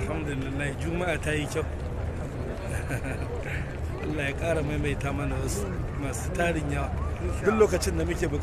alhamdulillah juma'a ta yi kyau allah ya kara maimaita mana wasu masu tarin yawa duk lokacin da muke